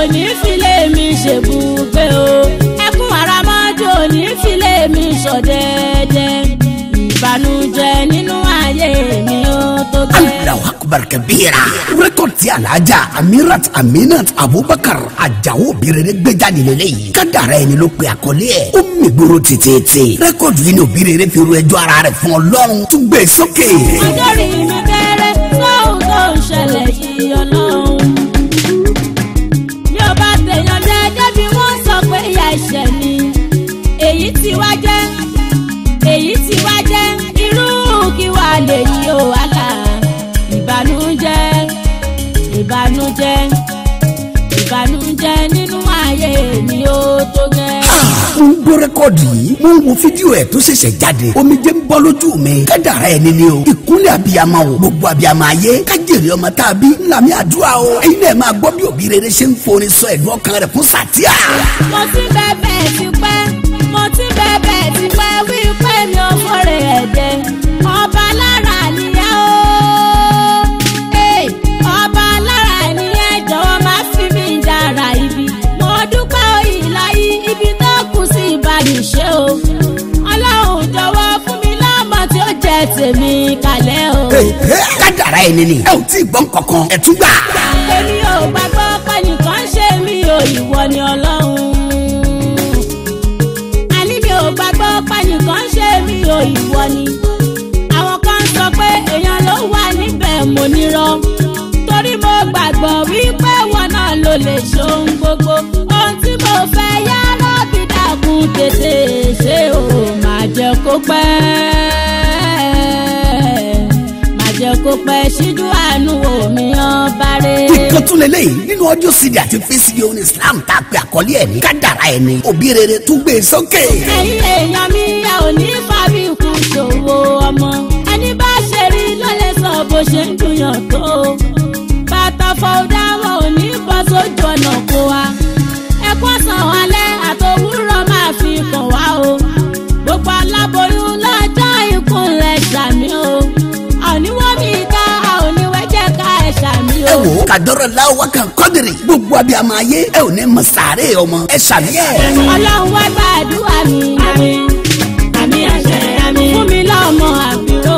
ò ní filé mi ṣèbùgbé o ẹkún àràmọ́jú ò filé mi ṣọ̀dẹ́dẹ́ ìbànújẹ́ nínú ayé mi ó tó gẹ́. aláwọ̀ akbar kabira rẹ́kọ̀dì tí alájà amirat aminat abubakar ajáwó obìnrin gbẹ́jáde lélẹ́yìí kádàrá ẹni ló pe àkọlé ẹ̀ ó mì gbòòrò tètè rẹ́kọ̀dì yìí ni obìnrin fi ru ẹjọ́ ara rẹ̀ fún ọlọ́run tún gbé e sókè. ọjọ́ rí inú kẹrẹ sóhun tó ń ṣẹlẹ̀ yìí ọlọ́run. ni ó tó gẹ́. mo ń gbọ́ rẹ́kọ̀dì yìí mo ń wo fídíò ẹ̀ tó ṣẹ̀ṣẹ̀ jáde omijé ń bọ́ lójú mi kádàrá ẹ̀ nílé o ìkúnlẹ̀ abiyamọ o gbogbo abiyamọ ayé kájèrè ọmọ tá a bí ńlámi àdúrà o ẹ̀yin náà máa gbọ́ bí òbí rere ṣe ń forin sọ ẹ̀dùn ọkàn rẹ̀ fún sàtíà. mo ti bẹ̀bẹ̀ ti pẹ́ mo ti bẹ̀bẹ̀ ti pẹ́ wípé mi ò fọ́rẹ̀ ẹ̀jẹ̀ ọba lára fẹ́ tèmi kalẹ̀ o. kádàrá ẹni ni ẹ ò tí ì gbọ́ nǹkankan ẹ tún gbà. èmi ò gbàgbọ́ pẹ́nìkan ṣe mí o ìwọ ni ọlọ́run. àní mi ò gbàgbọ́ pẹ́nìkan ṣe mí o ìwọ ni. àwọn kan sọ pé èèyàn ló wà níbẹ̀ mo nírọ́. torí mo gbàgbọ́ wípé wọn náà ló lè ṣe ohun gbogbo. ohun tí mo fẹ́ yá lọ́bì dàkún tètè ṣé o máa jẹ́ kó pẹ́. kò pẹ́ síjú àánú wò mí ọba rẹ̀. kíkan tún lélẹ́yìn nínú ọjọ́ sídi àti fésìdì oní Islam tá a pè àkọlé ẹ̀ ní kádàrá ẹ̀ ní òbí rere tún gbé e sókè. ẹ̀yin èèyàn mi a ò ní fàbí kù ṣòwò ọmọ ẹni bá ṣe rí ló sọ bó ṣe ń dùnyàn tó bàtà fọwọ́dà wọn ò ní bọ́ sójú ọ̀nà kó wa ẹ̀kọ́ sàn wà àtàdọ́rọ̀ láwọ́ kan kọ́dìrì gbogbo abẹ́ àmọ́ ayé ẹ ò ní mọ sàárè ọmọ ẹ ṣàníyàn. ọlọ́run wá gba àdúrà mi àmì àṣẹ fún mi lọ́mọ àbúrò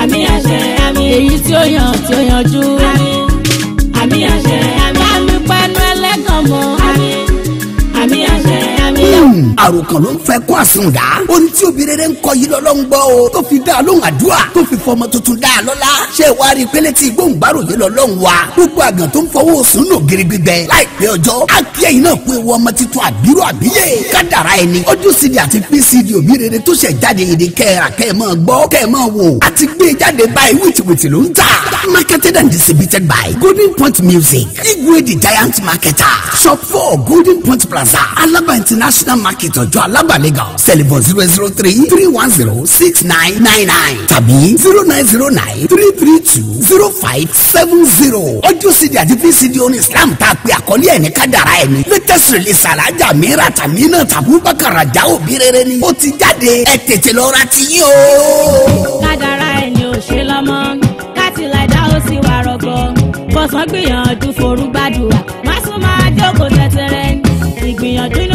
àmì àṣẹ èyí tí ó yàn tí ó yanjú àmì àṣẹ bá mi pẹnu ẹlẹ́gàn mọ́ àmì àṣẹ. Hmm, àròkàn ló ń fẹ́ kó àsùn dá ó ń tí òbí rere ń kọ yìí lọ́lọ́run gbọ́ o tó fi dá a lóhùn àdúrà tó fi fọmọ tuntun dá a lọ́lá ṣé wàá rí pélé tí ìgbóhùnbárò yìí lọ́lọ́run wa gbogbo àgàn tó ń fọwọ́ sùn nù gírí gbígbẹ láìpẹ́ ọjọ́ á kí ẹ̀yin náà pé wọ́n ọmọ titun àbírò àbíyè kádàrá ẹni ọdún cd àti pcd òbí rere tó ṣẹ̀ jáde èdè kẹ́ra kẹ́ kẹ́ e marketed and distributed by golden point music igwe the giant marketer shop four golden point plaza alaba international market ọjọ́ alaba legal. telephone zero zero three three one zero six nine nine nine tàbí zero nine zero nine three three two zero five seven zero ọjọ́ cd àti vcd orin islam tá a pè àkọlé ẹ̀ ní kádàrá ẹ̀ ní latest release alájà mìíràn tàmí náà tàbí bákàrà já òbí rere ni ó ti jáde ẹ tètè lọ ra ti yín o. kádàrá ẹ̀ ni ò ṣe lọ́mọ kátìlẹ̀dá ó sì wà rọ̀gbọ̀ fọ̀sán gbìyànjú forúgbàdùà má sún máa jókòó tẹ̀tẹ̀rẹ̀ ìgbìyànjú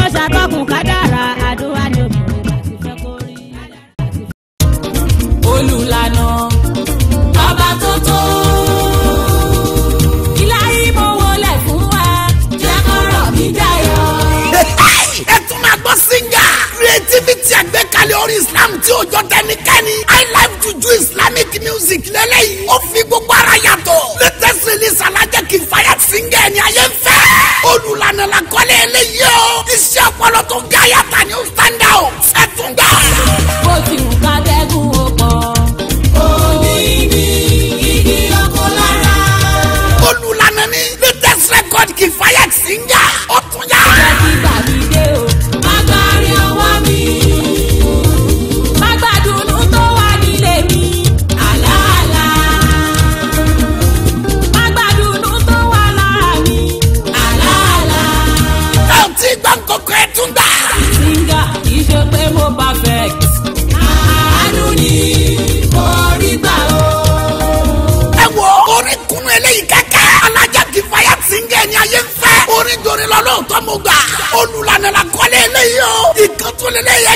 ti àgbékalẹ̀ orin islam tí ó jọ tẹnikẹ́ni high life juju islamic music lélẹ́yìí ó fi gbogbo ara yàtọ̀ latest release alájẹ́ kì í fire singer ni ayé ń fẹ́ olùlànà la kọ́lé eléyìí o iṣẹ́ ọpọlọ tó gáyàtà ni ó stand out ẹ̀ tún gbà. Hallelujah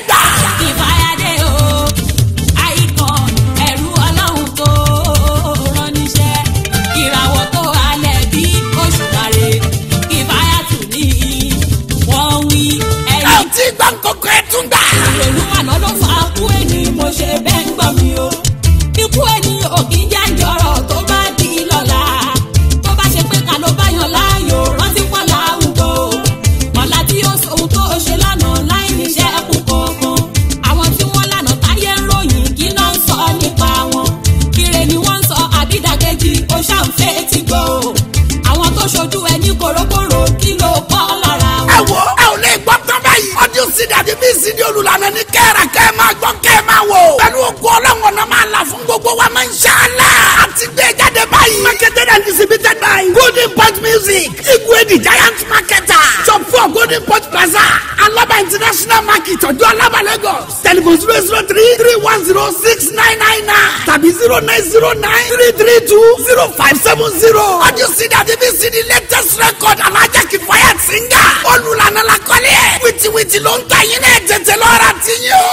zero nine zero nine three three two zero five seven zero. audio cd àti vcd latest record alájà kì fire singer olùlànà làkọ́lé wìtìwìtì ló ń ta yín náà tètè lọ́ra tiyín o.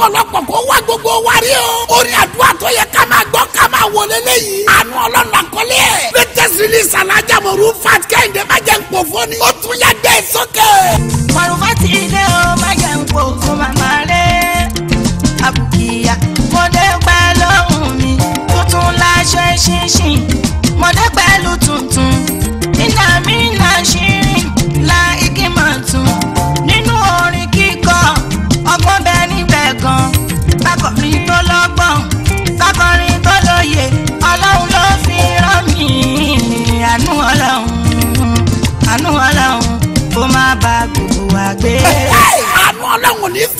ọ̀pọ̀lọpọ̀ kó wá gbogbo wa o. orin àdúrà tó yẹ ká máa gbọ́ ká máa wọlé léyìí. àánú ọlọ́run àkọlé ẹ̀. latest release alájà mọ̀rú fat kẹ́hìndé má jẹ́ nǹkó fóni. ó tún yá gbé sókè. mọ̀rùfá ti ilé o má jẹ́ nǹkó fún màmá rẹ̀. àbùkìyà mo dé gbà lọ́hùn mi tuntun láṣọ ìṣinṣin.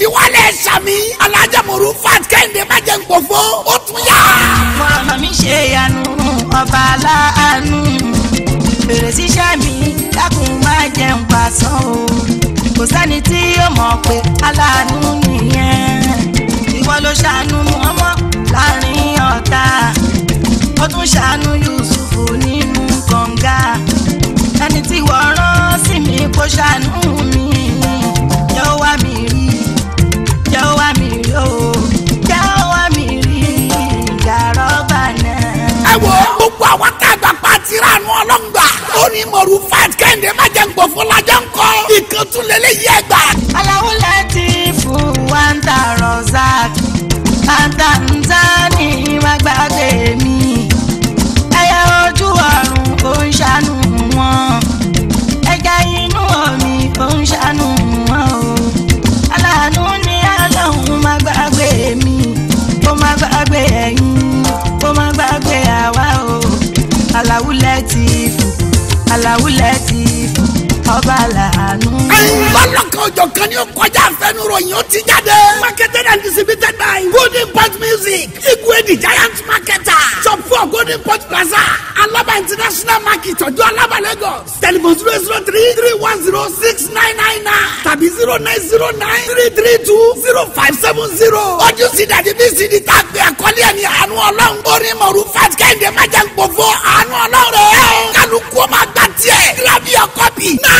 fiwálẹ̀ sàmí alájà mòru fat kẹ́hìndé má jẹ́ nkpọ̀fọ́ ó tún yá. màmá mi ṣe yanu ọba aláàánú bèrè síṣẹ́ mi dákun má jẹ́ npasán o kò sẹ́ni tí yóò mọ̀ pé aláàánú nìyẹn ìwọ ló ṣàánú ọmọ láàrin ọ̀tá ó tún ṣàánú Yusuf nínú kànga ẹni tí wọ́n rán sí mi kó ṣàánú mi. àwa tá a gbà pa àti ránu ọlọ́ngbà. ó ní mọ̀rú five kẹ́hìndé má jẹ́ nǹkan fún lajọ́ ń kọ́. ìkan tún lélẹ́ yẹ gbà. aláwo láti fún wa ń rozak bàtà ń ta ní ìmàgbàgbé mi ẹ̀yà ojú ọ̀run kò ń ṣàánú wọn. làwùlẹ̀ ti ọba làánú. lọ́lọ́kan òjò kan ní kọjá àfẹnuròyìn ó ti jáde. marketed and distributed by golden pot music igwe the giant marketer shop four golden pot plaza alaba international market ọjọ́ alaba lagos telephone zero zero three three one zero six nine nine nine tàbí zero nine zero nine three three two zero five seven zero. ojú sí dàdí bí sí di tá a gbé àkọlé ẹni àánú ọlọ́run orin mọ̀rú fat kẹ́hìndé májà ń pòfo àánú ọlọ́run rẹ̀ kálukú ọmọ àgbà tiẹ̀ gíláàbí ọkọ̀ bì náà.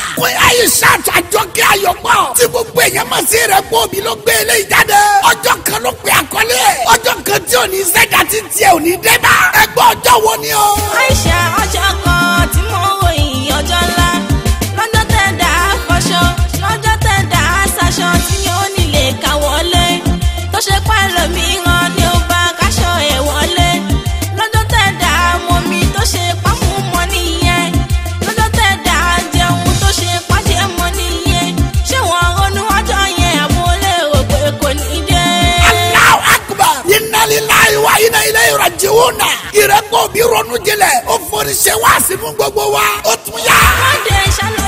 Bóyá Isaac Àjọkẹ́ Ayọ̀pọ̀ tí gbogbo èèyàn máa ṣe rẹ̀ pọ̀ òbí ló gbé eléyìí jáde. Ọjọ́ kan ló pe àkọlé. Ọjọ́ kan tí ò ní sẹ́jà tí tiẹ̀ ò ní dé bá. Ẹgbẹ́ ọjọ́ wo ni o? Aisha ọjọ́ kan tí mo wòye ọjọ́ ńlá. wo na. ìrẹ́pọ̀ mi ronú jinlẹ̀ ó forí ṣe wá sínú gbogbo wa ó tún yá. wọ́n dẹ̀ ṣálọ.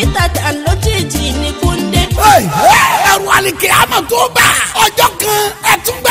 dókítà tà lójijì ní kúndé. ẹrù àlìkè àmọ̀ tó bá ọjọ́ kan ẹ̀ tún gbà.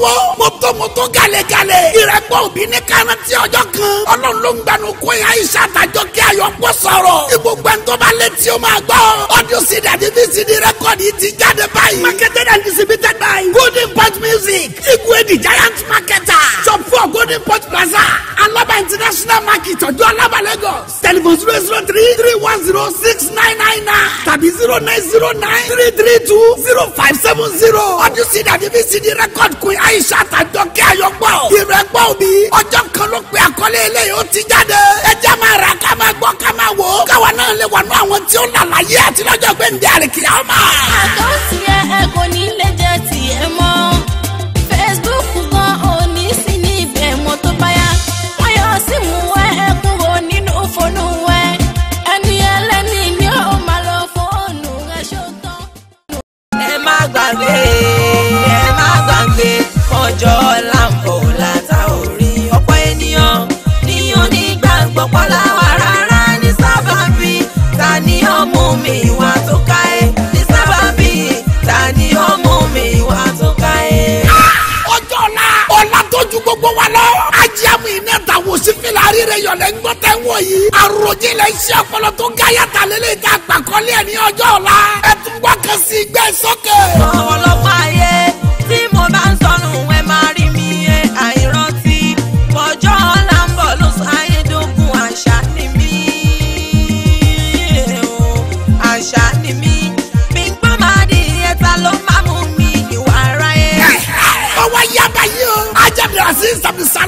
lọ́wọ́ mọ́tòmọ́tò gàlẹ́gàlẹ́ ìrẹ́pọ̀ òbí ní káràntì ọjọ́ kan ọlọ́run ló ń gbanú kó yà ìṣàtàjọ́ kí ayọ̀ pọ̀ sọ̀rọ̀ ìgbògbẹ́ntọ́ bá létí o máa gbọ́. audio CD àti VCD rẹ́kọ̀dì ti jáde báyìí. marketed and distributed by golden pot music igwe the giant marketer shop four golden pot plaza alaba international market ọjọ́ alaba lagos telephone zero zero three three one zero six nine nine nine tàbí zero nine zero nine three three two zero five seven zero audio CD àti VCD rẹ́kọ̀dì kun aisha tàjọkẹ́ ayọ̀pọ̀ ìrẹ́pọ̀ mi ọjọ́ kan ló pe àkọlé eléyìí ó ti jáde ẹ jẹ́ máa ra ká máa gbọ́ k máa wò ó káwa náà lè wà nú àwọn tí ó là láyé àti lọ́jọ́ gbẹ̀ǹdẹ̀ àríkìyàmá. àtọ́sí ẹ ẹ kò ní lè jẹ rẹ yọ̀lẹ̀ ń gbọ́tẹ́ wọ̀ yìí. àròjinlẹ̀ iṣẹ́ ọpọlọ tó gáyà ta lélẹ̀ tá a gbà kọ́lé ẹ̀ ní ọjọ́ ọ̀la. ẹ tún i gbẹ́ e sókè. ayé tí mo bá ń sọnù ẹ máa rí mi ẹ àìrántí ọjọ́ ọ̀la ń bọ̀ ló sọ ayédógún àṣà ni mí àṣà ni mí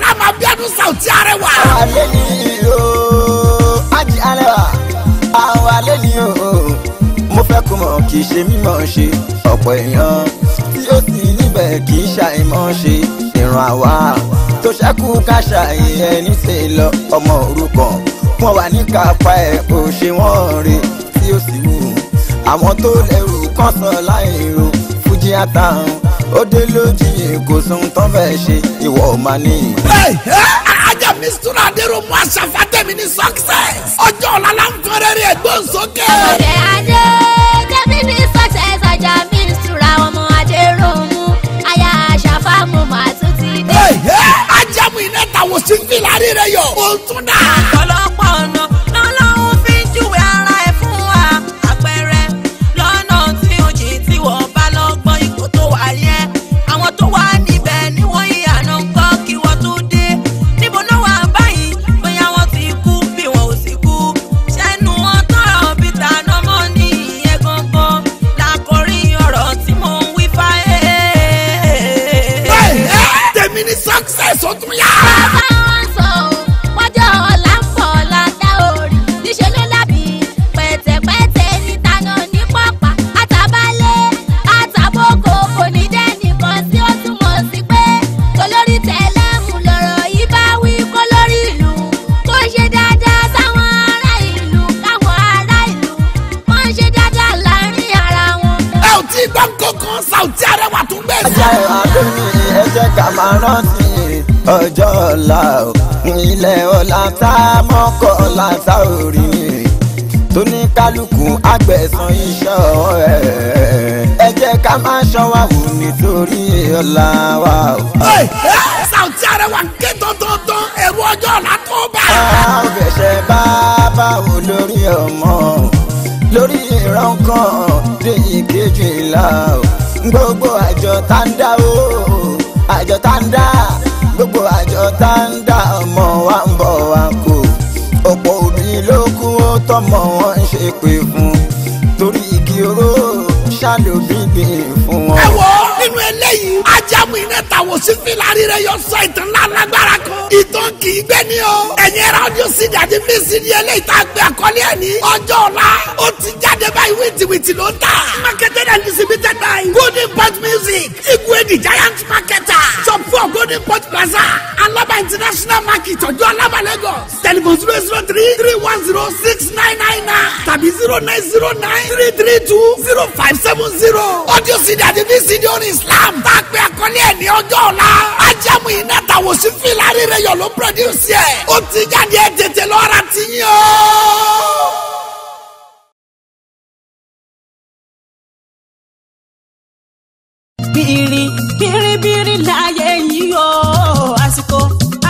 mi gbádùn sàùtì arẹwà. àlẹ́ ni o ájì arẹwà àwọn àlẹ́ ni o mo fẹ́ kó mọ̀ kì í ṣe mímọ̀ ṣe ọ̀pọ̀ èèyàn tí ó sì níbẹ̀ kì í ṣàìmọ̀ ṣe ìran àwa tó ṣẹ́kù ká ṣàyẹ̀ ẹni ṣe lọ ọmọ òrukàn wọn wà ní kápá ẹ̀ kò ṣe wọ́n rè tí ó sì wù àwọn tó lẹ́rù kọ́sàn láì ro fújì àtàwọn ó dé lójijì kò sóhun tán fẹ́ ṣe ìwọ ò máa ní ìmọ̀. ajá mistura adéròmù àṣàfà tẹ̀mí ní success ọjọ́ ọ̀la la ń fẹ́rẹ́ rí ẹ̀gbọ́n sókè. ọ̀rẹ́ adé tẹ̀mí ní success ajá mistura ọmọ adéròmù aya àṣàfà mo máa tún ti dé. ajá mu iná tàwọn sí fìlà rí yọ. ó tún dà. ọ̀pọ̀lọpọ̀ ọ̀nà làǹtà mọ́kọ́ làǹtà orí tóníkálukú àgbẹ̀sán iṣẹ́ ẹ̀ ẹ jẹ́ ká má ṣọ́wá wò nítorí ọ̀la wa. Saoty Arewa ké tọ́tọ́tọ́ ẹ̀rù ọjọ́ ọ̀la tó bá. a fẹsẹ̀ bá báwo lórí ọmọ lórí ìrànkan dé ìkejì ìlà gbogbo àjọ tá ń dá o àjọ tá ń dá gbogbo àjọ tá ń ṣépè fún torí igi oró ṣàlòbí gbìn fún wọn yìí ajamu iná tàwọn sí filari rẹ yọ sọ ìtàn ńlá lágbára kan ìtàn kì í gbé ní o ẹ̀yin rádìó sí jáde fèsì ní eléyìí tá a gbé àkọlé ẹ̀ ní ọjọ́ ọ̀la ó ti jáde báyìí wìtìwìtì ló ń tà. marketed and distributed by golden pot music igwe the giant marketer shop four golden pot plaza alaba international market ọjọ́ alaba lagos telephone zero zero three three one zero six nine nine nine tàbí zero nine zero nine three three two zero five seven zero audio cd àti vcd orin islam tá a pè àkọlé ẹ̀ ní ọjọ́ ọ̀la ajamu yìí náà tàwọn sí fìlà rírẹ yọ̀ ló pírọdúsì ẹ̀ ó ti jáde ẹ̀ tètè lọ́ra ti yín o. bìrì bìrìbìrì láyé yìí o àsìkò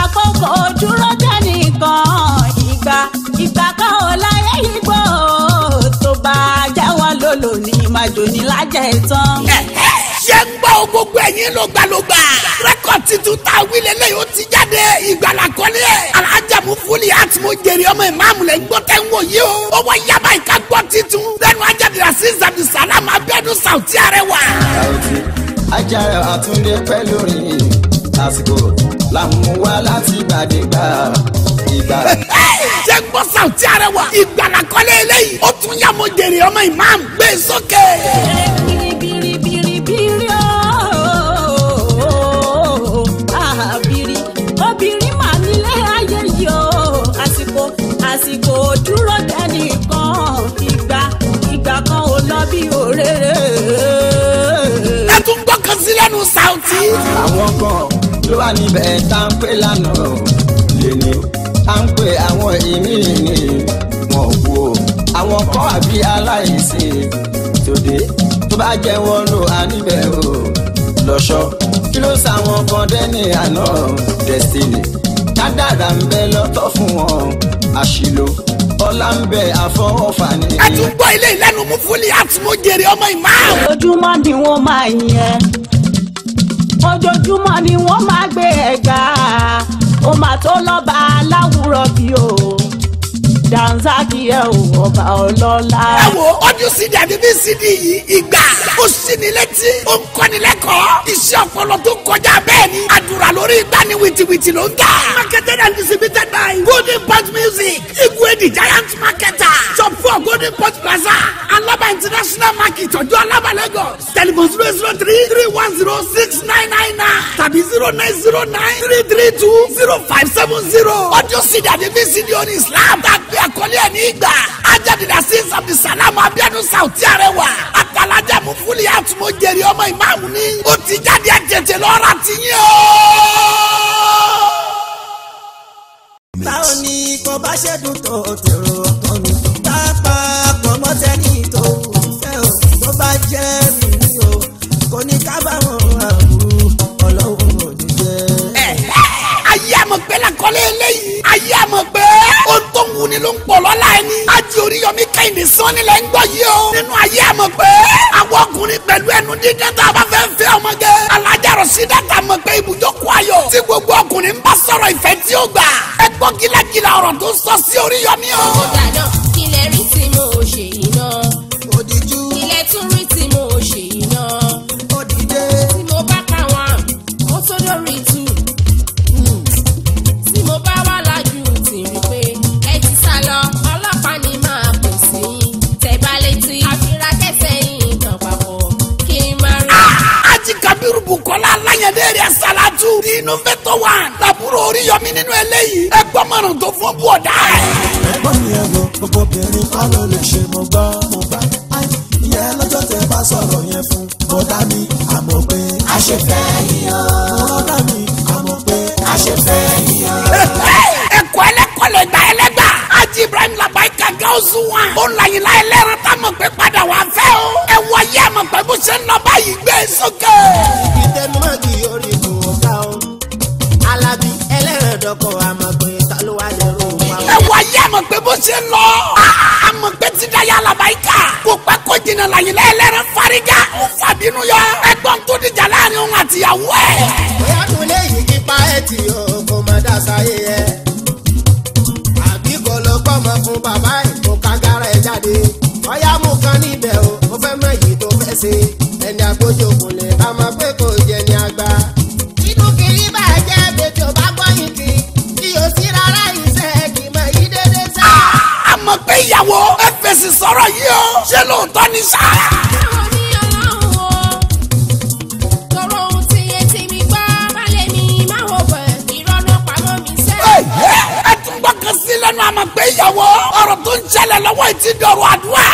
àkókò dúró jẹ́ nìkan ìgbà ìgbà kan ò láyé yìí gbọ́ tó bá jáwọ́ lólò ní màjò ní lájẹ̀ tán o gbogbo ẹ̀yin ló gbalogba. rẹ́kọ̀d tuntun tá a wílẹ̀ lẹ́yìn ó ti jáde ìgbàlá kọ́lé ẹ̀. alájàmú fúli àtìmọ́ jèrè ọmọ ìmáàmù rẹ̀ gbọ́ tẹ́ ń wò yí o. ó wọ yaba ìka gbọ́ titun. lẹ́nu ajáde azeez abdulsalam abẹ́nu sàwùtí arẹwà. sàwùtí ajára àtúndé pẹ́ lórí àsìkò làmúwa láti gbàdégbà ìgbà. ṣé gbọ́ sàwùtí arẹwà ìgbàlá kọ́lé eléyìí ó tún yàmó jèrè ọmọ ìmáàmù gbé e sókè. àwọn kan ló wà níbẹ̀ tá ń pè lánàá lèmi à ń pè àwọn ìmíì ni wọn kú o àwọn kan àbí aláìsí tòde tó bá jẹ́ wọn lò á níbẹ̀ o lọ́ṣọ́ kí ló sàwọn kan dẹ́ni àná destiny kádàrà ń bẹ lọ́tọ̀ fún wọn àṣìlò ọlá ń bẹ àfọwọ́fà ni. ẹ tún gbọ́ ilé ìlẹ́nu mú fúlì àtúmọ̀ jèrè ọmọ ìmáà. ojoojúmọ́ ni wọ́n máa yẹn ojoojúmọ́ ni wọ́n máa gbé ẹ̀gà ó máa tó lọ́ba aláwùrọ̀ bí o dànsákì ẹ ò ọba ọlọ́lá. ẹ wo ọdún sídìí àti bí sídìí yìí ìgbà ó sì ní létí ó ń kọ́ni lẹ́kọ̀ọ́ iṣẹ́ ọpọlọ tó kọjá bẹ́ẹ̀ ni àdúrà lórí ìgbà ni wìtìwìtì ló ń tà. marketed and distributed by golden pot music igwe the giant marketer shop four golden pot plaza alaba international market ọjọ́ alaba lagos telephone zero zero three three one zero six nine nine nine tàbí zero nine zero nine three three two zero five seven zero ọdún sídìí àti bí sídìí ó ní islam tàbí àkọlé ẹ̀ ní ìgbà ajadi na sins of the salam abiodun sauti arẹwà àtàlájà mú fúlì àtúmọ̀ jèrè ọmọ ìmáàmù ní ó ti jáde ẹ̀ tètè lọ́ra ti yín o. táwọn ní kò bá ṣẹ́dùn tó tèrò ọkàn mi bá pa ní ìtòwú fẹ́ o tó bá jẹ́ mi ní o kò ní kábàámọ̀ àbúrò ọlọ́run ò ní jẹ́. ayé àmọ̀pẹ́ làkọ́lé eléyìí ayé àmọ̀pẹ́ tó ń wuni ló ń pọ̀ lọ́la ẹni. ajé oríyọmí kẹ́hìndé sọ́ni lẹ́ ń gbọ́ yìí o. nínú ayé àmọ̀ pé àwọn ọkùnrin pẹ̀lú ẹnu dídán tá a bá fẹ́ fẹ́ ọmọge. alájà rọ̀sí dàtà mọ̀ pé ibùjókòó ayọ̀. tí gbogbo ọkùnrin ń bá sọ̀rọ̀ ìfẹ́ tí ó gbà. ẹ gbọ́ gílágílá ọ̀rọ̀ tó sọ sí oríyọmí o. ọ̀gá náà kílẹ̀ rí sí mi o. two the innovator one làbúrò oríyọmí nínú eléyìí ẹ gbọ́mọ̀ràn tó fún bùọ̀dá ẹ̀. ẹ̀gbọ́n mi ẹ̀ lọ gbogbo obìnrin kọ́ ló lè ṣe mo gbọ́ mo bá ìyẹn lọ́jọ́ tẹ bá sọ̀rọ̀ yẹn fún bọ́dá mi àmọ́ pé a ṣe fẹ́ yíyan bọ́dá mi àmọ́ pé a ṣe fẹ́ yíyan. ẹ̀kọ́ ẹlẹ́kọ̀ọ́ lè gbà ẹlẹ́gbà ají Ibrahim labayi kankan oṣù wa. ó làyìnlá ẹlẹ́ran tá a mọ̀ padà wà fẹ́ o. ẹ̀wọ̀ yẹ́ a mọ̀ ṣe ń lọ báyìí gbé e sókè. ìtẹnumọ́ kì í yọrí mi dọ́kọ̀ àmọ̀ pé ta ló wá lè rò wá. ẹ wá yé àmọ̀ pé bó ṣe lọ. àmọ̀ pé ti da yàrá báyìíká. kò pẹ́ kó jìnnà làyìn lẹ́lẹ́rẹ́ fariga ó fàbínú yọ. ẹ̀gbọ́n tó dìjà láàrin òun àtìyàwó ẹ̀. bóyá kúnlẹ̀ yìí kípa ẹ̀ tì yọ kó má dá sáyé ẹ̀. àbí kò lọ pọ́mọ fún bàbá ẹ̀ kó kágára ẹ̀ jáde. ọ̀yá mú kan níbẹ̀ o mo fẹ́ mọ èyí tó fẹ́ ṣe ẹni sì sọ̀rọ̀ yìí o ṣé lóòótọ́ ni sá. ẹ tún gbọ́kàn sí lẹ́nu àmọ́ pé ìyàwó ọ̀rọ̀ tó ń ṣẹlẹ̀ lọ́wọ́ ìtì dọ̀rọ̀ àdúrà.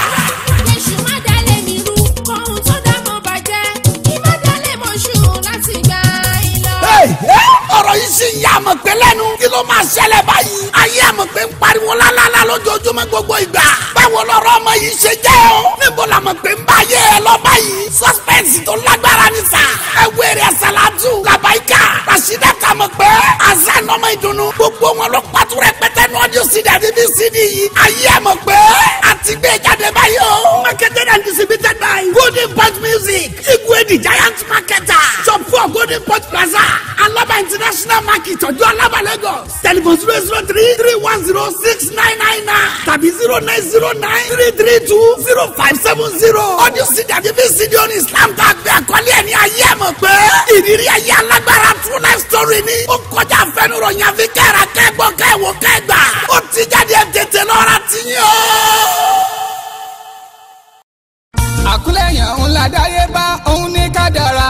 ọ̀rọ̀ yìí sì yà mọ̀ pé lẹ́nu kí ló máa ṣẹlẹ̀ báyìí. ayé àmọ̀ pé ń pariwo lálálá lójoojúmọ́ gbogbo ìgbà. báwo lọ̀rọ̀ ọmọ yìí ṣe jẹ́ o. níbo la mọ̀ pé ń bá yé ẹ lọ báyìí. suspense tó lágbára ni sà. ẹ wéré salatu labaika rasida ta mọ̀ pé. àṣà ìnáwó ìdùnnú gbogbo wọn ló pàtó rẹpẹtẹ ní ọdún sídà níbi sídì yìí. ayé àmọ̀ pé àti gbé jáde báyìí o. marketed golden port music igwe the giant marketer shop for golden port plaza national market ọjọ́ alaba lagos telephone zero zero three three one zero six nine nine nine tàbí zero nine zero nine three three two zero five seven zero ọdún sídàbí bí sídìọ́nù islam tá a gbé àkọlé ẹ̀ ní ayé ẹ̀ mọ̀ pé ìrírí ayé alágbára true life story ni ó kọjá àfẹnuròyìn kẹ́ra kẹ́gbọ́ kẹ́wò kẹ́gbà ó ti jáde ẹ̀ tètè lọ́ra tiyín o. àkúlẹ̀yàn ńlá dáyé bá òun ní kádàrá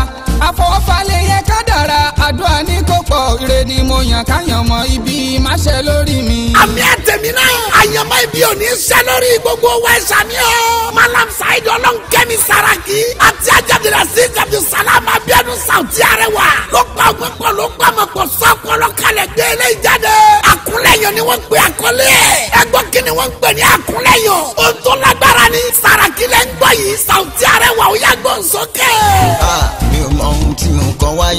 àfọwọ́fà lè yẹ kádàrá àdúrà ní kò lọ́wọ́ ire ni mo yàn káyànmọ́ ibi má lórí mi. àmì ẹ̀tẹ̀mí náà àyànmọ́ ibi ò ní ṣe lórí gbogbo wa ẹ̀ṣà ni ọ́. malam saheed ọlọ́nkẹ́mi saraki àti ajabira sí jàbí salama abíọ́dún sàwùtí arẹwà ló pa ọgbẹ́ pọ̀ ló pa ọmọ pọ̀ sọ ọpọlọ kalẹ̀ gbé ilé ìjáde. àkúnlẹ̀yàn ni wọ́n pe àkọlé ẹ̀. ẹgbọ́n kí ni wọ́n ń pè ní àkúnlẹ̀yàn. ó tó lágbára ni saraki lẹ́ ń gbọ́ yìí sàwùtí arẹwà ó yàgbọ́n sókè. Ah,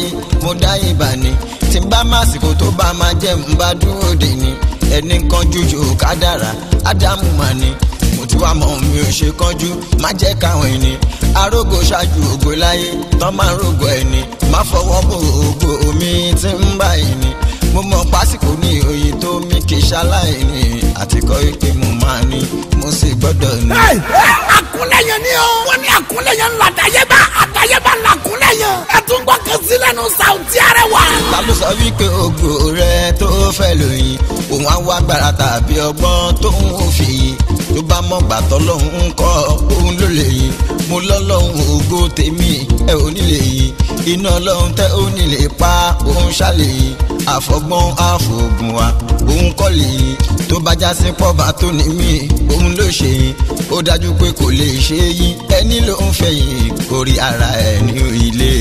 mi mo dá ìbà ni tí n bá màsìkò tó bá máa jẹ́ n bá dúró dè ní ẹni kan jújù kádàrá ádámù mà ni mo ti wá mọ mi ò ṣe kánjú má jẹ́ káwọn ẹni arógo ṣáájú ògo láyé tán máa rògo ẹni má fọwọ́ bò ògo omi tí ń bá ẹni mo mọ pásìkò ní òye tó mi kì í ṣaláìní àtikọ́ ìpè mo máa ní mo sì gbọ́dọ̀ ní. akúnlẹ̀yìn ni o wọ́n ní akúnlẹ̀yìn ńlá àtayébá àtayébá ńlá kú fọkàn sí lẹ́nu Saoty Arẹwà. ta ló sọ wípé ògo rẹ tó fẹ́ lóyìn òun á wá gbára tàbí ọgbọ́n tó ń fi yìn ló bá mọ̀ gbàtọ́ lọ́hùn ń kọ́ òun ló lè yìn mo lọ́lọ́hùn ògo tèmi ẹ ò nílé yìn iná ọlọ́run tẹ́ ó nílé pa òun ṣàlè yìn àfọgbọ́n àfọ̀gùn wa òun kọ́ lè yìn tó bá já sí pọ́ba tó ní mí òun ló ṣe yín ó dájú pé kò lè ṣe yí ẹni ló ń fẹ́ yìí orí ara ẹ̀ ní ilé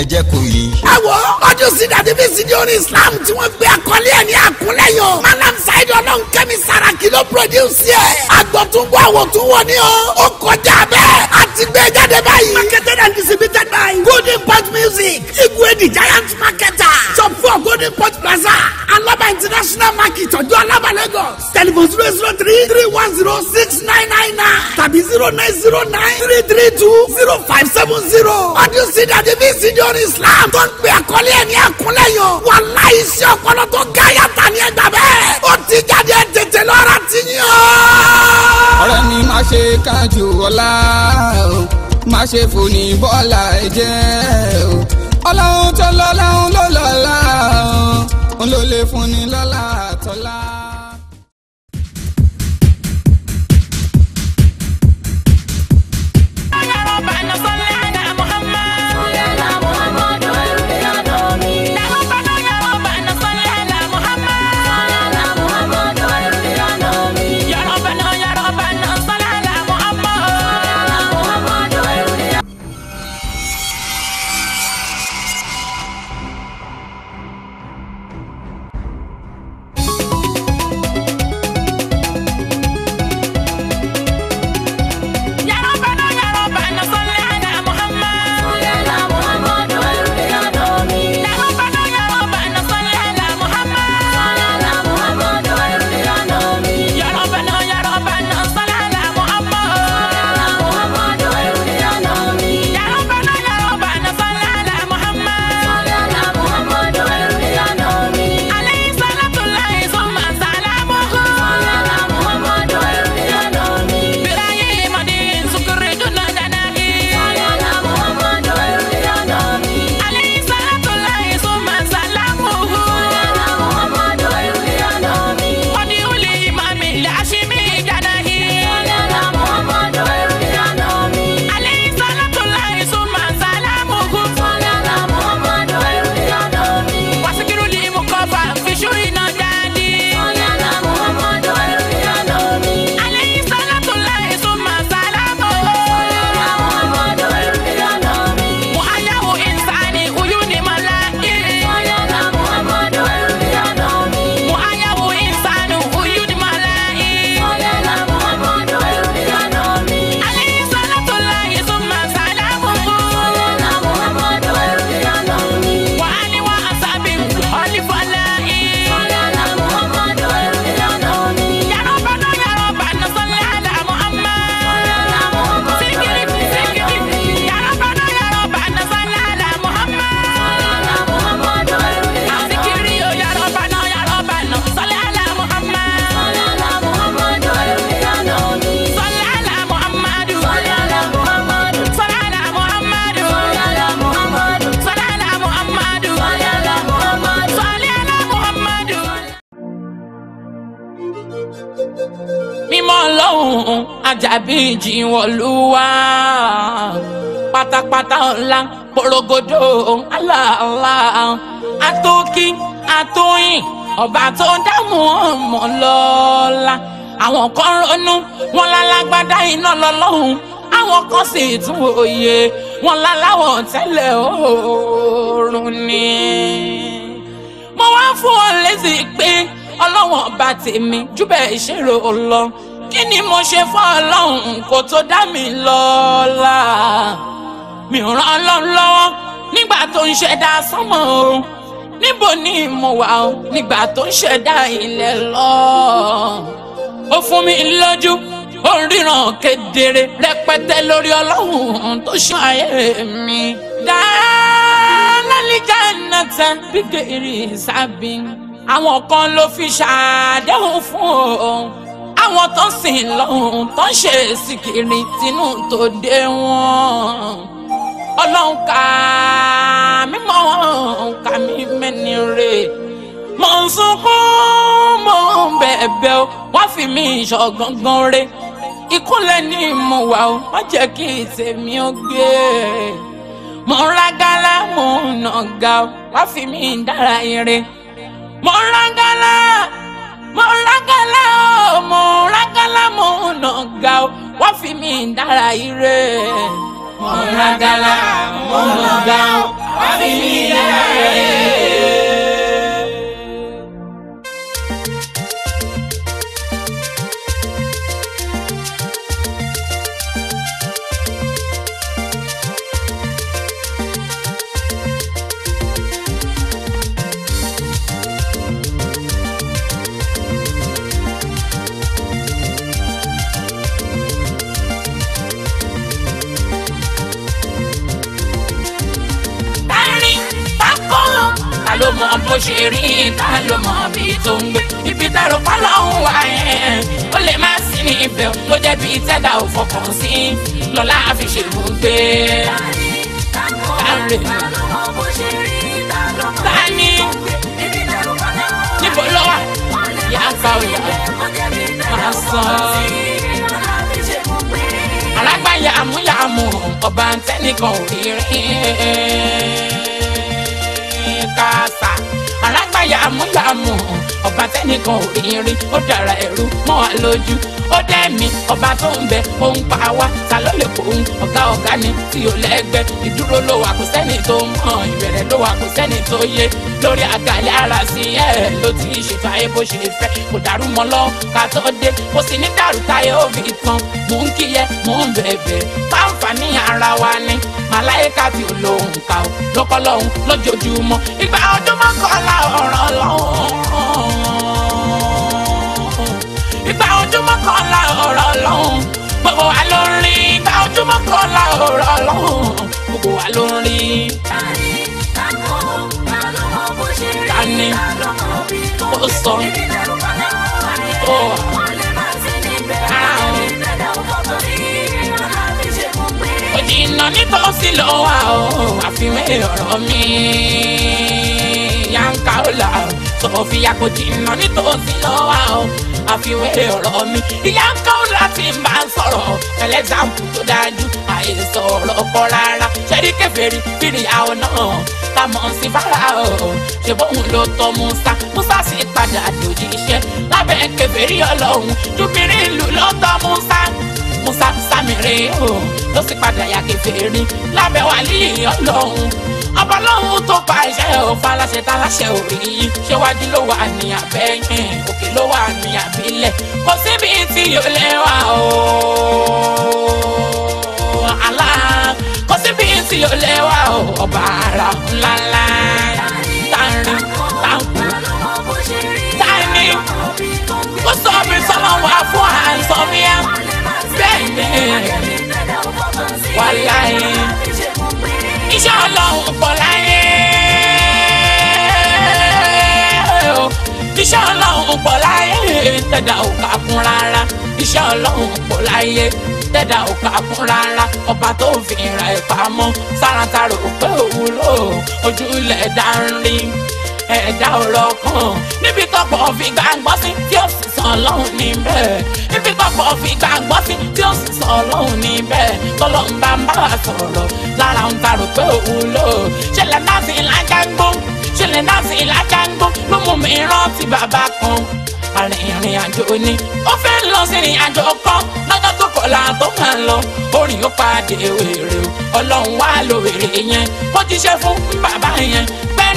ẹ jẹ́ kó yí. ẹ wo ọdún sí dàdí bí sí ní orin Islam tí wọ́n gbé àkọlé ẹ̀ ní àkúlẹ̀ yọ Malam Saheed Ọlọ́run Saraki ló produce ẹ̀ agbọ̀túnbọ̀ àwòtúnwọ̀ ni ó ó kọjá bẹ́ẹ̀ àti gbé e jáde báyìí. marketed and distributed by Golden Pot Music Igwe the Giant Marketer shop for Golden Pot Plaza alọ́ alaba international market ọjọ́ alaba lagos telephone zero zero three three one zero six nine nine nine tàbí zero nine zero nine three three two zero five seven zero ọdún sí dàdí bí ìsìnjọ́ ní islam tó ń pè àkọlé ẹ̀ ní àkúnlẹ̀yọ̀ wàhálà iṣẹ́ ọpọlọ tó ga yàtà ní ẹgbà bẹ́ẹ̀ ó ti jáde tètè lọ́ra ti yàn. ọ̀rẹ́ mi má ṣe kájú ọlá o má ṣe fòní bọ́ọ̀lá ẹ̀jẹ̀ o ọlọ́run tó lọ́lọ́run ló lọ́lá o òun ló lè fún ni àtọ́lá. Àjìnwọ̀lúwa pátápátá ńlá porogodo ńláńlá atókí atóyìn ọba tó dámú ọmọ lọ́la àwọn kan ronú wọn lálágbádá iná lọ́lọ́hún àwọn kan sì tún òye wọn láláwọ̀ tẹ́lẹ̀ oorun ni. mo wá fún ọ lésì pé ọlọ́wọ̀n bá tèmi júbẹ̀ ìṣèrò lọ kí ni mo ṣe fún ọlọ́run kó tó dá mi lọ́la mi ràn ọlọ́run lọ́wọ́ nígbà tó ń ṣẹ̀dá sánmọ̀ o níbo ni mo wà o nígbà tó ń ṣẹ̀dá ilẹ̀ lọ ó fún mi lójú ó ń ríran kedere rẹpẹtẹ lórí ọlọ́run tó ṣọ́ ayé mi dáálálíjà nàta bí gèrè sábì àwọn kan ló fi ṣàdéhùn fún òun táwọn tó ń sìn lọ́hùn tó ń ṣe sìkìrì tínú tó dé wọn ọlọ́run ká mímọ́ ká mi mẹ́ni rè mò ń sunkún mò ń bẹ̀bẹ̀ o wọ́n fi mí ṣọ̀gangan re ìkúnlẹ̀ ní mo wà o wọ́n jẹ́ kí tèmi ó gbé mò ń rágálá mò ń nàgà o wọ́n fi mí dára ire mò ń rágálá mo rákàlà ó mo rákàlà mo nà ga ó wọ́n fi mi dára ire. mo rákàlà mo nà ga ó wọ́n fi mi dára ire. ló mọ bí tó ń gbé ibi dárò pálọ̀hún wà yẹn ó lè má sí ní ibẹ̀ ló jẹ́ bí tẹ́dà ò fọkàn sí lọ́la fi ṣègùn gbé. tani tani níbo ló wà yàgbà òyà máa sọ. alágbá yàmúyàmú ọba ntẹ́nìkan ò rí rí kásá alágbá yàmúyàmú ọba tẹnìkan ò rí rí ó dára ẹ̀rú mọ́ wa lójú ó dẹ́mi ọba tó ń bẹ ó ń pa wá ta ló lè kóhun ọ̀gá ọ̀gá ni tí ò lẹ́gbẹ́ ìdúró ló wà kó sẹ́ni tó mọ̀ ìbẹ̀rẹ̀ ló wà kó sẹ́ni tó yé lórí àgàlẹ̀ ara sí ẹ̀ ló ti ṣètò ayé bó ṣe fẹ́ kò dàrú mọ́ lọ ká tó dé kò sì ní dàrú táyé ó fi tán mò ń kíyẹ mò ń bẹ̀bẹ̀ fáǹfààní ara wa ni màláyé káfí olóhùn ká o lọ́kọ́ lọ́hùn lójoojúmọ́ ìgbà ọdún ọ̀rọ̀ lọ́wọ́. Ìgbà ojúmọ́ kan la ọ̀rọ̀ lọ́wọ́. Gbogbo wa ló ń rí. Ìgbà ojúmọ́ kan la ọ̀rọ̀ lọ́wọ́. Gbogbo wa ló ń rí. Tani tako ta ló mọ bó ṣe rí. ó sọ. Ó wà ó àfiwé ọ̀rọ̀ mi. Kaola Sofia kò jìnnà nítòsí lọ́wọ́ o àfiwé ọ̀rọ̀ mi ìyá Kaola ti ń bá ń sọ̀rọ̀ ẹlẹ́sàmpù tó dájú àìsàn ọ̀rọ̀ ọ̀pọ̀ rárá ṣẹ́rí kẹfẹ́rí bírí àwọn náà táwọn sí Fáráò ṣe bóun ló tọ́ Musa Musa sì padà dòjì iṣẹ́ lábẹ́ kẹfẹ́rí ọlọ́run júbìrì ìlú ló Musa musa samire o ló sì padà yà kẹfẹ rí lábẹ́ wàlí ọlọ́run ọba lọ́hún tó pa iṣẹ́ ò faláṣẹ táláṣẹ ò rí ṣéwájú ló wà ní abẹ́yìn òkè ló wà ní abílẹ̀ kò síbi tí yóò lẹ́wà o àlá kò síbi tí yóò lẹ́wà o ọba ara ńláńlá tààrin tàǹkù tààrin kó sọ mi sọ́mọ́ wá fún à ń ẹ́ bẹ́ẹ̀ wà láyé iṣẹ́ ọlọ́run pọ̀ láyé iṣẹ́ ọlọ́run pọ̀ láyé tẹ̀dá ò kà kún rárá iṣẹ́ ọlọ́run pọ̀ láyé tẹ̀dá ò kà kún rárá ọba tó fi ìrà ẹ̀ pamọ́ sáráńtà rò pé òwúlò ojúlẹ̀ dárin ẹ̀dá ọ̀rọ̀ kan níbi tọ́pọ̀ fi gbàgbọ́ sí tí ó sì sàn lọ́hùn níbẹ̀ níbi tọ́pọ̀ fi gbàgbọ́ sí tí ó sì sàn lọ́hùn níbẹ̀ tọ́lọ́ ń bá ń bá wa sọ̀rọ̀ lára ń ta rò pé òun lò ṣẹlẹ̀ náà sì lájà ń gbó ṣẹlẹ̀ náà sì lájà ń gbó ló mi rántí bàbá kan arìnrìn àjò ni ó fẹ́ lọ sí ìrìn àjò kan lọ́jọ́ tó kọ̀la tó kàn lọ orin ó pàdé wèrè ọlọ́run wá lo wèrè yẹn ó ti ṣe fún bàbá yẹn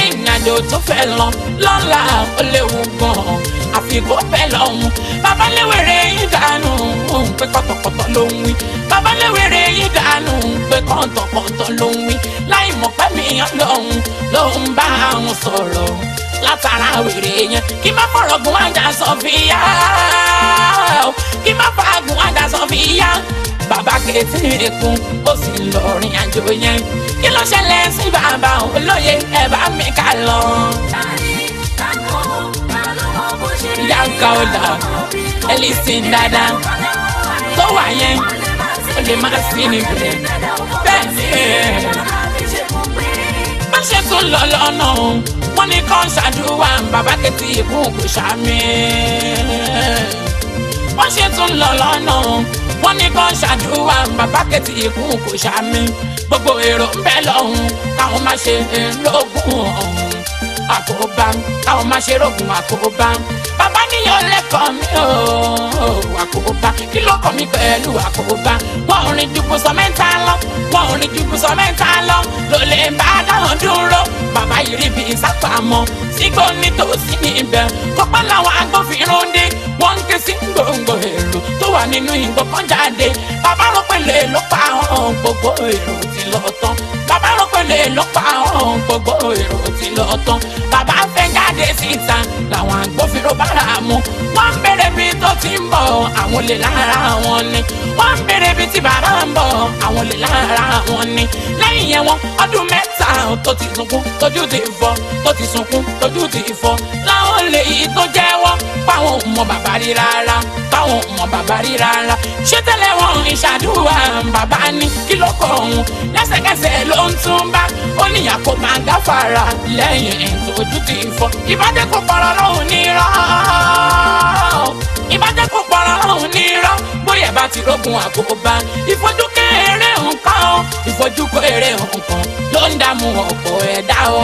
ìrìn àjò tó fẹ́ lọ lọ́la ó léwu gan-an àfikún fẹ́ lọ́hùn babaléwèrè yín dànù pé kọ́tọ̀kọ́tọ̀ ló ń wí babaléwèrè yín dànù pé kọ́tọ̀kọ́tọ̀ ló ń wí láì mọ̀ pẹ́ mi ọlọ́hun ló ń bá àwọn sọ̀rọ̀ látara wèrè yẹn kí má fọ̀rọ̀ gun àjà sọ fìyà kí má fàgùn àjà sọ fìyà bàbá kìtì ikùn ó sì lọ rìn àjò yẹn kí ló ṣẹlẹ̀ sí bàbá olóye ẹ bá mi ká lọ. yàgò ọ̀dà ẹlẹ́sìn dáadáa tó wà yẹn ó lè má sí níbẹ̀ bẹ́ẹ̀ ni má ṣe tún lọ lọ́nà wọ́n ní kàn ṣàdúrà bàbá kìtì ikùn kò ṣàmì wọ́n ṣe tún lọ lọ́nà wọ́n ní kàn ṣàdúrà bàbá kẹtì ikú kò ṣàmì gbogbo èrò ń bẹ lọ́hùn káwọn má ṣe lóògùn ọ̀hún àkóbá káwọn má ṣe lóògùn àkóbá bàbá níyàn lẹ́kọ̀ọ́ mi ò àkóbá kí ló kọ́ mi pẹ̀lú àkóbá wọn ò rìn jùkú sọ mẹ́ta lọ wọn ò rìn jùkú sọ mẹ́ta lọ ló lè bá dáhùn dúró bàbá yìí rí bí ìsápamọ́ sígbó nítòsí níbẹ̀ kọ́pá làwọn agbófinró dé wọ́n ń ké sí gbòǹgbò èrò wà nínú ìgbọ́ kan jáde bàbá rọpẹlẹ ló pa ọ̀hún gbogbo èrò ti lọ tán bàbá rọpẹlẹ ló pa ọ̀hún gbogbo èrò ti lọ tán bàbá f dé síta làwọn agbófinró bára mu wọ́n ń béèrè bí tó ti ń bọ̀ àwọn olè lára wọn ni wọ́n ń béèrè bí tí bàbá ń bọ̀ àwọn olè lára wọn ni lẹ́yìn yẹn wọn ọdún mẹ́ta tó ti sunkún tójú ti fọ́ tó ti sunkún tójú ti fọ́ láwọn olè yìí tó jẹ́wọ́ páwọn ò mọ bàbá rí rárá báwọn mọ bàbá rí rárá ṣé tẹ́lẹ̀ wọn ìṣàdúrà bàbá ní kí ló kọ òun lẹ́sẹ̀kẹsẹ̀ ló ń tún bá ó níyà máa gáfàrà lẹ́yìn ẹ̀ tó ti fọ́ ìbádé kò para lọ́hùn ní irọ́ ìbádé kò para lọ́hùn ní irọ́ bóyá bá ti rógun àkóbá ìfojú kéré nǹkan o ìfojú kéré nǹkan ló ń dààmú ọ̀pọ̀ ẹ̀dá o.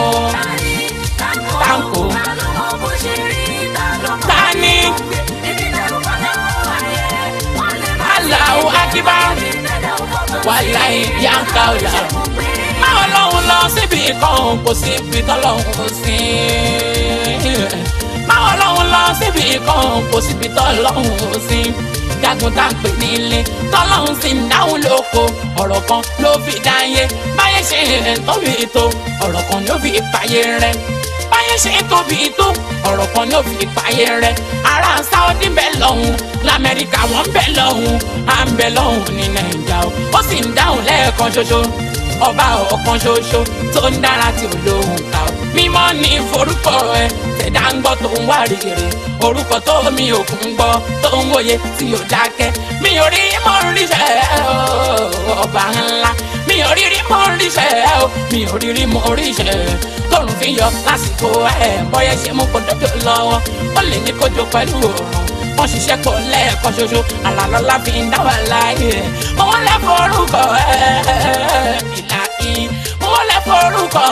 tanko tani Allahu Akbar wàláhì yáǹkà ọ̀la má ọlọ́run lọ síbi kan kò sí ibi tọ́lọ́run kò sí. má ọlọ́run lọ síbi kan kò sí ibi tọ́lọ́run kò sí. jagun tá ń pè nílé tọ́lọ́run sì ń dáhùn lóko ọ̀rọ̀ kan ló fi dáyé báyé ṣe ń tóbi tó ọ̀rọ̀ kan ló fi fàyè rẹ̀ báyé ṣe tóbi tó ọ̀rọ̀ kan ló fi fàyè rẹ̀ ará Saudi ń bẹ lọ́hùn lamẹ́ríkà wọ́n ń bẹ lọ́hùn à ń bẹ lọ́hùn ní nàìjà o ó sì ń dáhùn lẹ́ẹ̀kan ṣoṣo ọba ọ̀kan ṣoṣo tó ń dára tí ò lóhùn ká o. mímọ́ ni forúkọ ẹ tẹ̀dá ń gbọ́ tó ń wá rere orúkọ tó mi ò kún gbọ́ tó ń wòye tí ò dákẹ́ mi ò rí mọ́ ríṣẹ́ ọba ńlá mi ò rí rí mọ́ ríṣẹ́ mi ò rí rí mọ́ ríṣẹ́ tọrùn fi yọ lásìkò ẹ̀ bọ́yẹ̀ ṣe mú kó dọ́jọ́ lọ́wọ́ ó lè ní kó jọ pẹ̀lú òòrùn wọ́n ṣiṣẹ́ pọ̀ lẹ́ẹ̀kan ṣoṣo àlàlọ́lá fi ń dá wà láàyè mo wọ́n lẹ́ forúkọ ìlàhí mo wọ́n lẹ́ forúkọ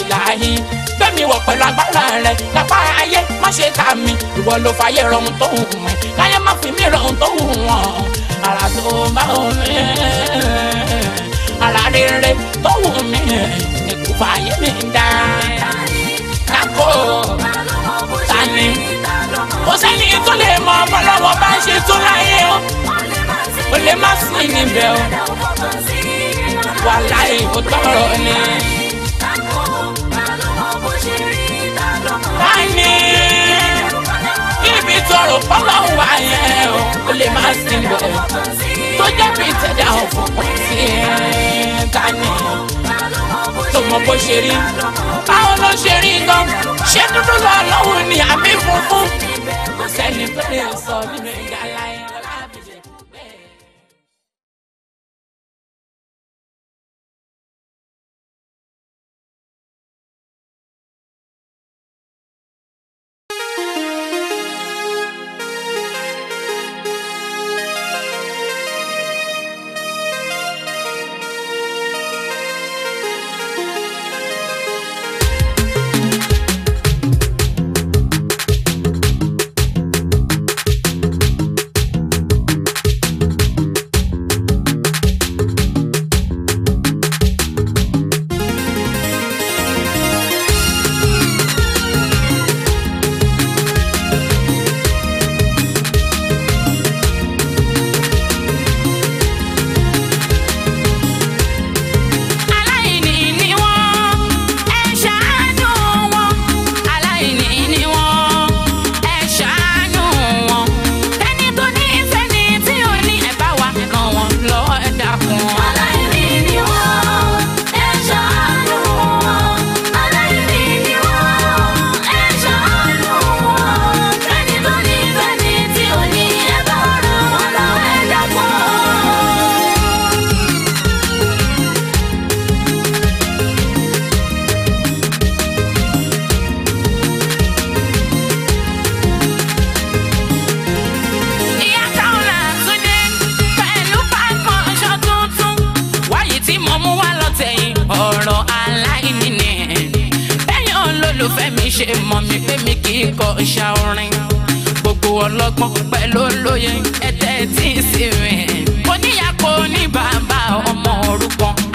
ìlàhí gbẹ̀mí wọ̀ pẹ̀lú agbára rẹ̀ lápá ayé má ṣe ká mi ìwọ ló fàyè rọrùn tó hùn mí káyé má fi mí rọrùn tó hùn wọn àrà tó bá hùn mí àrà rere tó hùn mí ní kò fàyè mi dá tako tani kò sẹ́ni tó lè mọ ọmọlọ́wọ́ bá ń ṣe tó láyé o o lè má sí níbẹ̀ o wà láyé o tọrọ ni sọ̀rọ̀ fọlọ́hún wa yẹn o kò lè má sí bọ̀ tó jẹ́ bí tẹ̀dá ọ̀fọ̀ sí ẹ̀ ká ní tó mọ bó ṣe rí báwo ló ṣe rí gan ṣé dúdú lọ lọ́wọ́ ni àmì funfun kò sẹ́ni tó lè sọ nínú ìyá rẹ̀. ṣe mọ̀ mí pé mi kì í kọ ìṣà orin gbogbo ọlọ́gbọ́n pẹ̀lú olóye ẹ̀tẹ́ tí ì sí rìn kò níyà ọmọ òrukàn.